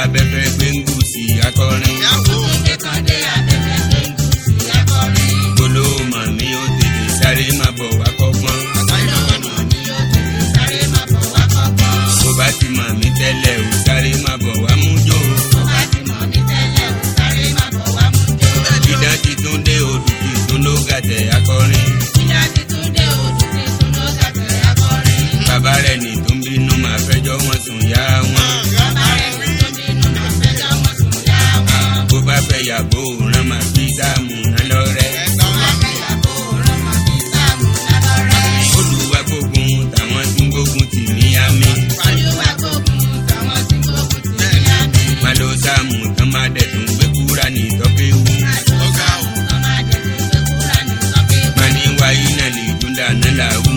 I've been turning away.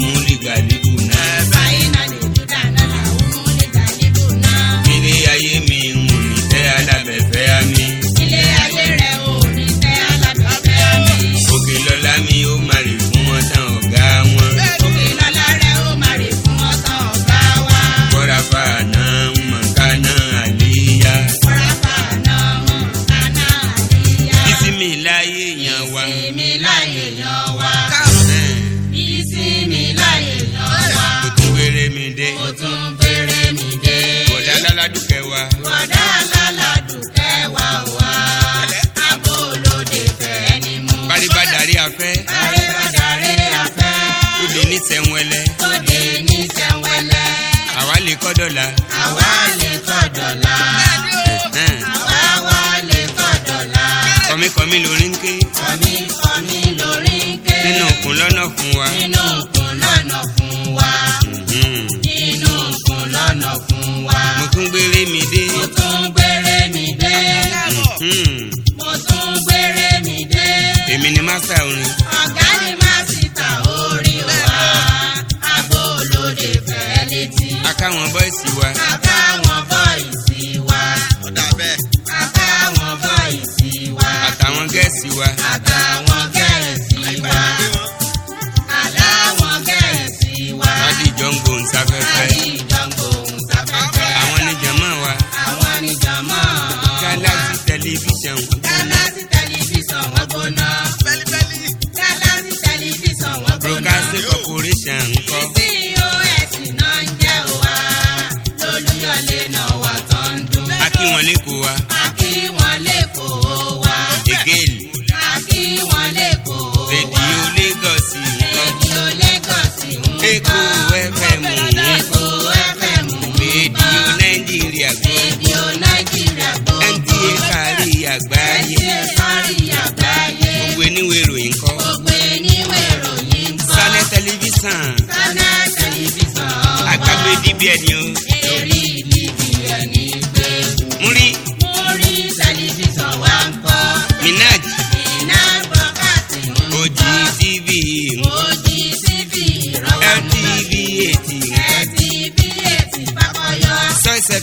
wa. bọ̀dá alálàdùkẹ́ wa wá. abó olóde fẹ́ ni mú. báribá darí afẹ́. báribá darí afẹ́. òde ní sẹ́wẹ́lẹ́. òde ní sẹ́wẹ́lẹ́. àwa lè kọ́ dọ̀la. àwa lè kọ́ dọ̀la. àwa wa lè kọ́ dọ̀la. kọ́mí kọ́mí lórí ń ké. kọ́mí kọ́mí lórí ń ké. nínú òkun lọ́nà fún wa. nínú òkun lọ́nà fún wa. nínú òkun lọ́nà fún wa. mo tún gbélé mi. mástà orin. ọ̀gá ni máṣítà orin wa abó olóde fẹ́ létí. akáwọn bọ́ìsì wa. akáwọn bọ́ìsì wa. ọ̀dà bẹ́ẹ̀. akáwọn bọ́ìsì wa. àtàwọn gẹ̀ẹ́sì wa. àtàwọn gẹ̀ẹ́sì wa. àláwọn gẹ̀ẹ́sì wa. kájíjọ ń gbóhùn sáfẹ́fẹ́. rico.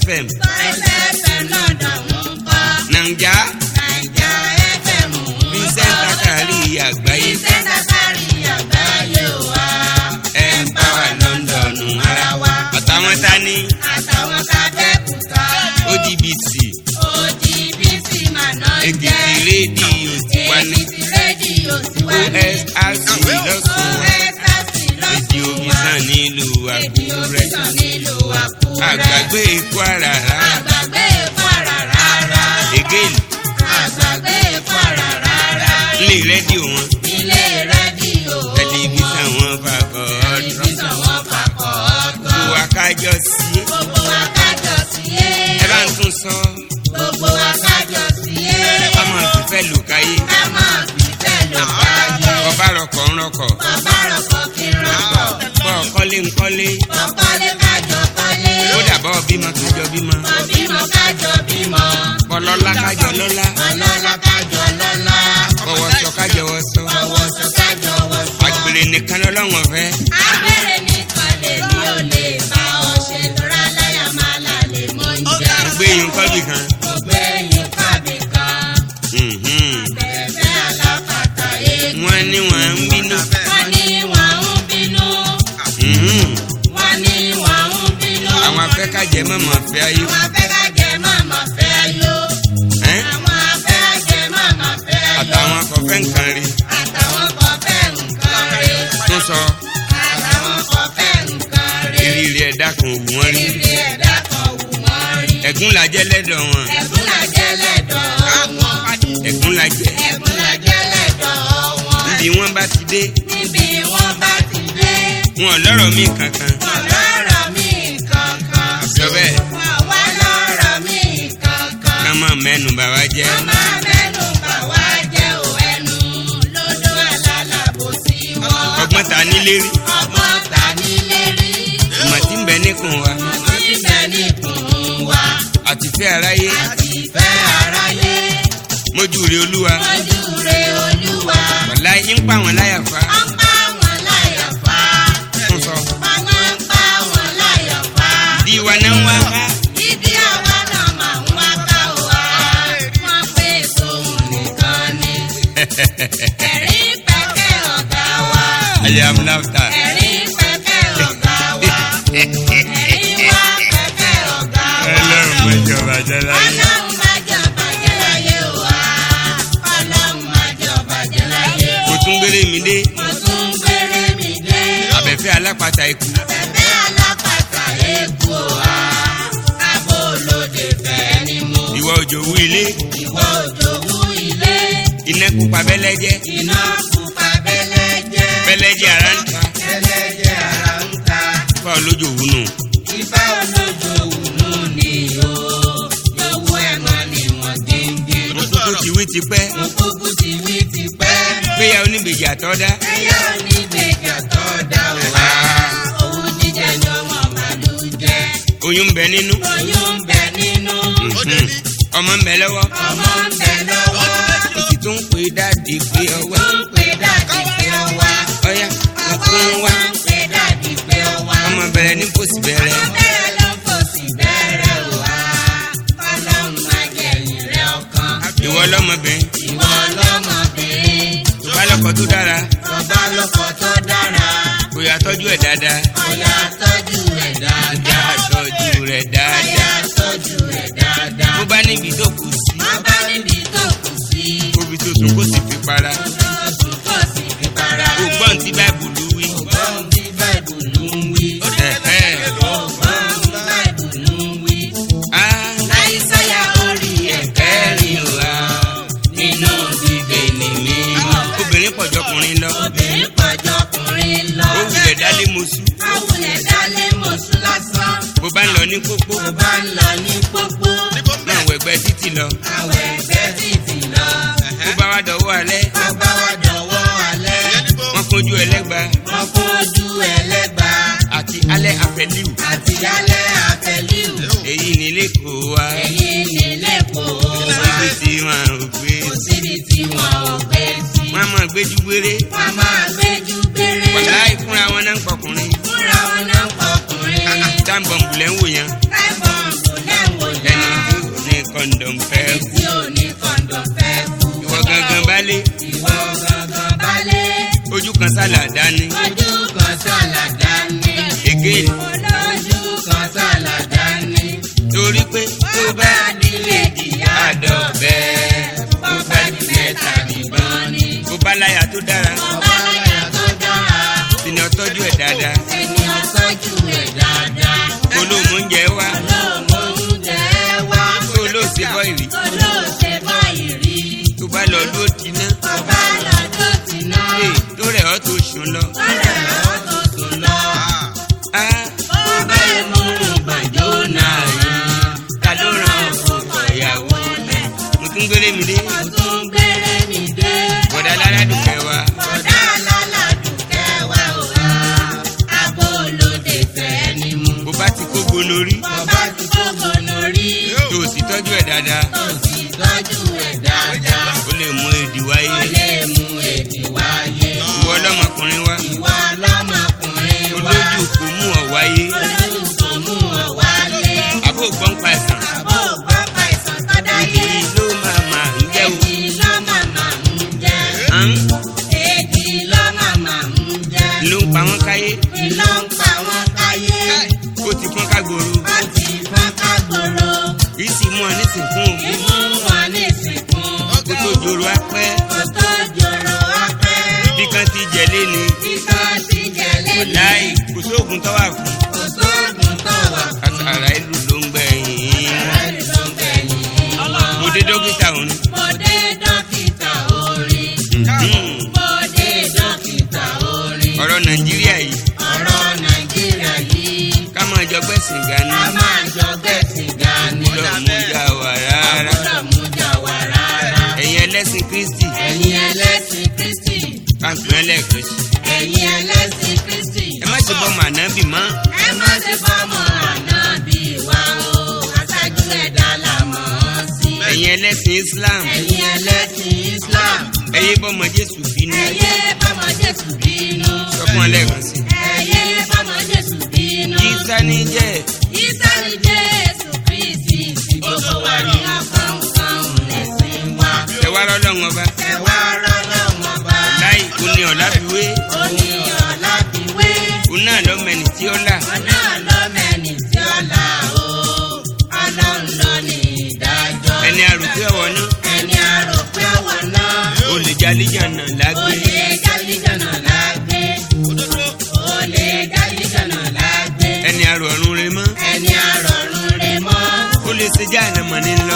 fm. Spice fm London ń kọ́. nàìjà. nàìjà fm ń kọ́. Vincent Akari àgbáyé. Vincent Akari wa. Empower London ara wa. àtàwọn ta ni. àtàwọn ta bẹ́ẹ̀kúta. ODBC. ODBC màná jẹ́. Èkìtì rédíò tiwa ní. Èkìtì rédíò tiwa ní. OSRC lọ́sùn. OSRC lọ́sùn wa. Rédíò Musa nílùú àbúrẹ́. àgbàgbé ikú ara rà. àgbàgbé ikú ara rà. again. àgbàgbé ikú ara rà. ilé rédíò wọn. ilé rédíò wọn. tẹlifíṣàn wọn fàkọ̀ ọ̀dọ́. tẹlifíṣàn wọn fàkọ̀ ọ̀dọ́. gbogbo akájọ sí. gbogbo akájọ sí. ẹ bá ń tún sọ. gbogbo akájọ sí. ká máa fi fẹ́ lù káyé. ká máa fi fẹ́ lù káyé. ọba ń rọkọ̀. ọba rọkọ̀ lè ń kọ́lé. mo kọ́lé kájọ kọ́lé. lódà bọ́ bímọ kájọ bímọ. mo bímọ kájọ bímọ. ọlọ́lá kájọ lọ́lá. ọlọ́lá kájọ lọ́lá. ọwọ́sọ kájọ wọ́sọ. ọwọ́sọ kájọ wọ́sọ. àgbèrè nìkan lọ́lọ́wọ́n fẹ́. àgbèrè nìkan lèmi ò lè bá ọ ṣe tó rálá yàmá lálẹ́ mọ́ ń jẹ́. ó gbé yín kọ́ bì kan. wọ́n ní wọ́n ń bínú. àwọn afẹ́kàjẹ́ mọ̀mọ́ fẹ́ ayé. àwọn afẹ́kàjẹ́ mọ̀mọ́ fẹ́ ayé. àwọn afẹ́kàjẹ́ mọ̀mọ́ fẹ́ ayé. àtàwọn kọfẹ́ nǹkan rí. àtàwọn kọfẹ́ nǹkan rí. tún sọ. àtàwọn kọfẹ́ nǹkan rí. ìrírí ẹ̀dá kan wù wọ́n rí. ìrírí ẹ̀dá kan wù wọ́n rí. ẹ̀gún lajẹ́ lẹ́dọ̀ wọn. ẹ̀gún lajẹ́ lẹ́dọ̀ wọn. ẹ̀gún lajẹ́. ẹ̀gún lajẹ́ lẹ́dọ̀ wọn. níbi wọ́n bá ti dé. níbi wọ́n bá wọn lọ́rọ̀ mi kankan. wọn lọ́rọ̀ mi kankan. àṣọ bẹ́ẹ̀. wọn wá lọ́rọ̀ mi kankan. ká má mẹ́nu bà wá jẹ́. ká má mẹ́nu bà wá jẹ́ o ẹnu lọ́dọ̀ alálàbòsí wọn. ọgbọ́n ta nílé rí. ọgbọ́n ta nílé rí. ìmọ̀ tí ń bẹ níkùn wa. ìmọ̀ tí ń bẹ níkùn wa. àtifẹ́ aráyé. àtifẹ́ aráyé. mójú rè olúwa. mójú rè olúwa. wàlá yín pa wọn láyà fa. ìwọ òjòwú ilé. ìwọ òjòwú ilé. iná pupa bẹ́lẹ́jẹ́. iná pupa bẹ́lẹ́jẹ́. bẹ́lẹ́jẹ́ ara ń ta. bẹ́lẹ́jẹ́ ara ń ta. ifá olójòwú nù. ifá olójòwú nù ni o. yòówù ẹ̀ mọ́ ni wọ́n ti ń bí. mokoko ti wí ti pẹ́. mokoko ti wí ti pẹ́. péyà àtọ́dá. péyà oníbejì àtọ́dá oyún ń bẹ nínú. oyún ń bẹ nínú. ọmọ ń bẹ lọ́wọ́. ọmọ ń bẹ lọ́wọ́. ó sì tún ń pè dáàdì pé ọwọ́. ó ń pè dáàdì pé ọwọ́. ọ̀yá ọ̀kú ń wá. ó ń pè dáàdì pé ọwọ́. ọmọ bẹ̀rẹ̀ ní kò sì ọmọ bẹ̀rẹ̀ ló kò sì o wa. ọlọ́run máa jẹ ìrẹ́ ọkàn. ìwọ lọ́mọbìnrin. ìwọ lọ́mọbìnrin. tó bá lọ́kọ tó dára. tó bá lọ́kọ tó dára. níbi tó kù sí. má bá níbi tó kù sí. kó fi tó sùn kó sì fi para. kó tó sùn kó sì fi para. ògbọ́n ti báìbùlù wí. ògbọ́n ti báìbùlù wí. ó dẹ́ bẹ́ẹ̀ ògbọ́n ti báìbùlù wí. láìsáyà ah. orí ẹ̀kẹ́ rí wa nínú Bíbélì mi. obìnrin pọ̀ jọkùnrin lọ. obìnrin pọ̀ jọkùnrin lọ. ó wulẹ̀ dálé mosú. ó wulẹ̀ dálé mosú lásán. bó bá ń lọ ní pópó. bó bá ń lọ ní pópó títì lọ. àwẹ̀ tẹ́ títì lọ. ó bá wa dọ̀wọ́ alẹ́. ó bá wa dọ̀wọ́ alẹ́. wọ́n kojú ẹlẹ́gba. wọ́n kojú ẹlẹ́gba. àti alẹ́ àfẹ́líù. àti alẹ́ àfẹ́líù. èyí ni lẹ́kọ̀ọ́ wa. èyí ni lẹ́kọ̀ọ́ wa. kò síbi tí wọn ò gbé. kò síbi tí wọn ò gbé sí. wọ́n máa gbéjú gbére. wọ́n máa gbéjú gbére. wọ́n láì fúnra wọn náà ń pọkùnrin. fúnra wọn náà ń pọkùnrin kọ̀ǹdọ̀m fẹ́ kú. tí ò ní kọ̀ǹdọ̀m fẹ́ kú. ìwọ gangan balé. ìwọ gangan balé. ojú kan sálà dání. ojú kan sálà dání. again. ojú kan sálà dání. torí pé tó bá dílé ìyá àdọ̀bẹ́. ó bá di mẹ́ta nìbọn ni. ó bá láyà tó dára. ó bá láyà tó dára. ènìyàn tọ́jú ẹ̀ dáadáa. ènìyàn tọ́jú ẹ̀ dáadáa. lórí. bàbá àdúgbò gòlórí. tó sì tọ́jú ẹ̀ dáadáa. tó sì tọ́jú ẹ̀ dáadáa. ó lè mú èdè wáyé. ó lè mú. ti fún kágboro. ó ti fún kágboro. ìsì mú ọ nísìnkún. ìmú wọn nísìnkún. kó tó jòrò apẹ́. kó tó jòrò apẹ́. ibi kan ti jẹ léle. ibi kan ti jẹ léle. kò láì kò sóògùn tọ́wà fún. kò sóògùn tọ́wà fún. àtàrà ẹni. gbẹ̀sìn gani. a máa jọ gbẹ̀sìn gani. àbúrò mú jà wà rárá. àbúrò mú jà wà rárá. ẹ̀yin ẹlẹ́sìn Kristi. ẹ̀yin ẹlẹ́sìn Kristi. pàǹpẹ́ ẹlẹ́ẹ̀kejì. ẹ̀yin ẹlẹ́sìn Kristi. ẹ má ṣe bọ́ mọ̀ ànábì mọ́. ẹ má ṣe bọ́ mọ̀ ànábì wa o. aṣáájú ẹ̀dá la mọ̀ sí. ẹ̀yin ẹlẹ́sìn Islam. ẹ̀yin ẹlẹ́sìn Islam. ẹ yé bọ́mọ Jésù bínú. ẹ yé bọ́mọ Jésù bínú. sọ ìfẹ́ ní jẹ́. ìfẹ́ ní jẹ́ Jésù Kristi gbogbo wa ní akọ́nkán lẹ́sìn wa. ẹ wá rọ́lọ́run ọba. ẹ wá rọ́lọ́run ọba. láì oní ọ̀làbíwé. oní ọ̀làbíwé. òun náà lọ́mẹ̀nì tí ó là. òun náà lọ́mẹ̀nì tí ó là o. ọlọ́run ló ní ìdájọ́. ẹni àròpé ọ̀wọ́ náà. ẹni àròpé ọ̀wọ́ náà. olè jalè jàǹdà lágbè. Money.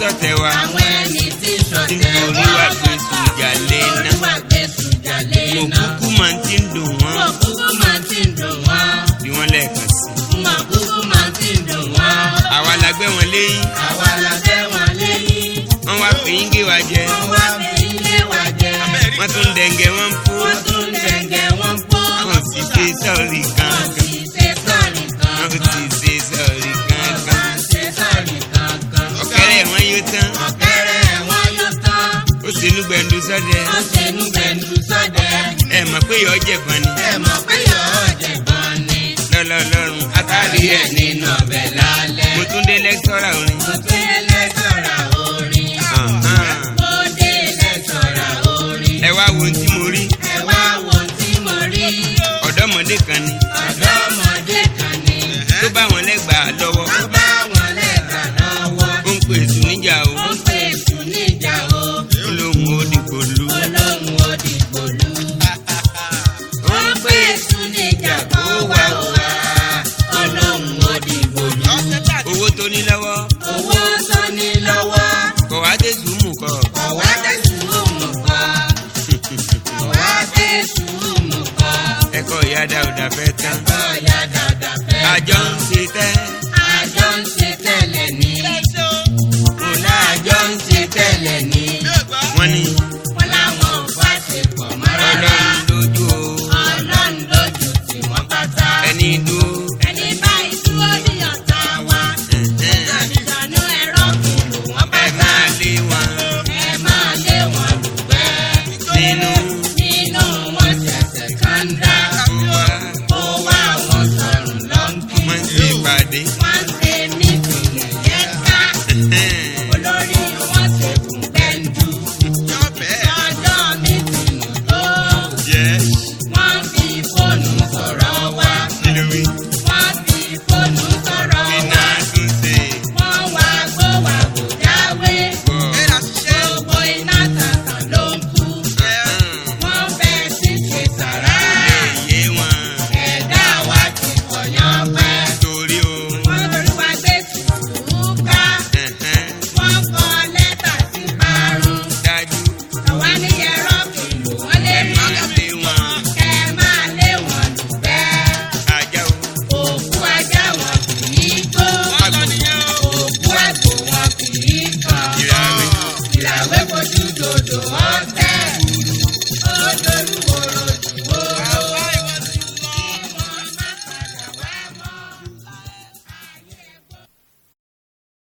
sọ̀tẹ̀ wa. àwọn ẹni tí sọ̀tẹ̀ wa. olúwa gbé sùjà lé iná. olúwa gbé sùjà lé iná. mo kúkú máa ti dùn wọ́n. mo kúkú máa ti ń dùn wọ́n. bí wọ́n lẹ́ẹ̀kan sí. mo kúkú máa ti ń dùn wọ́n. àwa la gbé wọn léyìn. àwa la gbé wọn léyìn. wọ́n wá fi ń gé wa jẹ. wọ́n wá fi ń gé wa jẹ. wọ́n tún dẹ̀ǹgẹ̀ wọn fún. mọ̀ pé yọ̀ọ́ jẹ̀gbọ́n ni. ẹ mọ̀ pé yọ̀ọ́ jẹ̀gbọ́n ni. lọ́lọ́lọ́run. àtàrí ẹ̀ ni.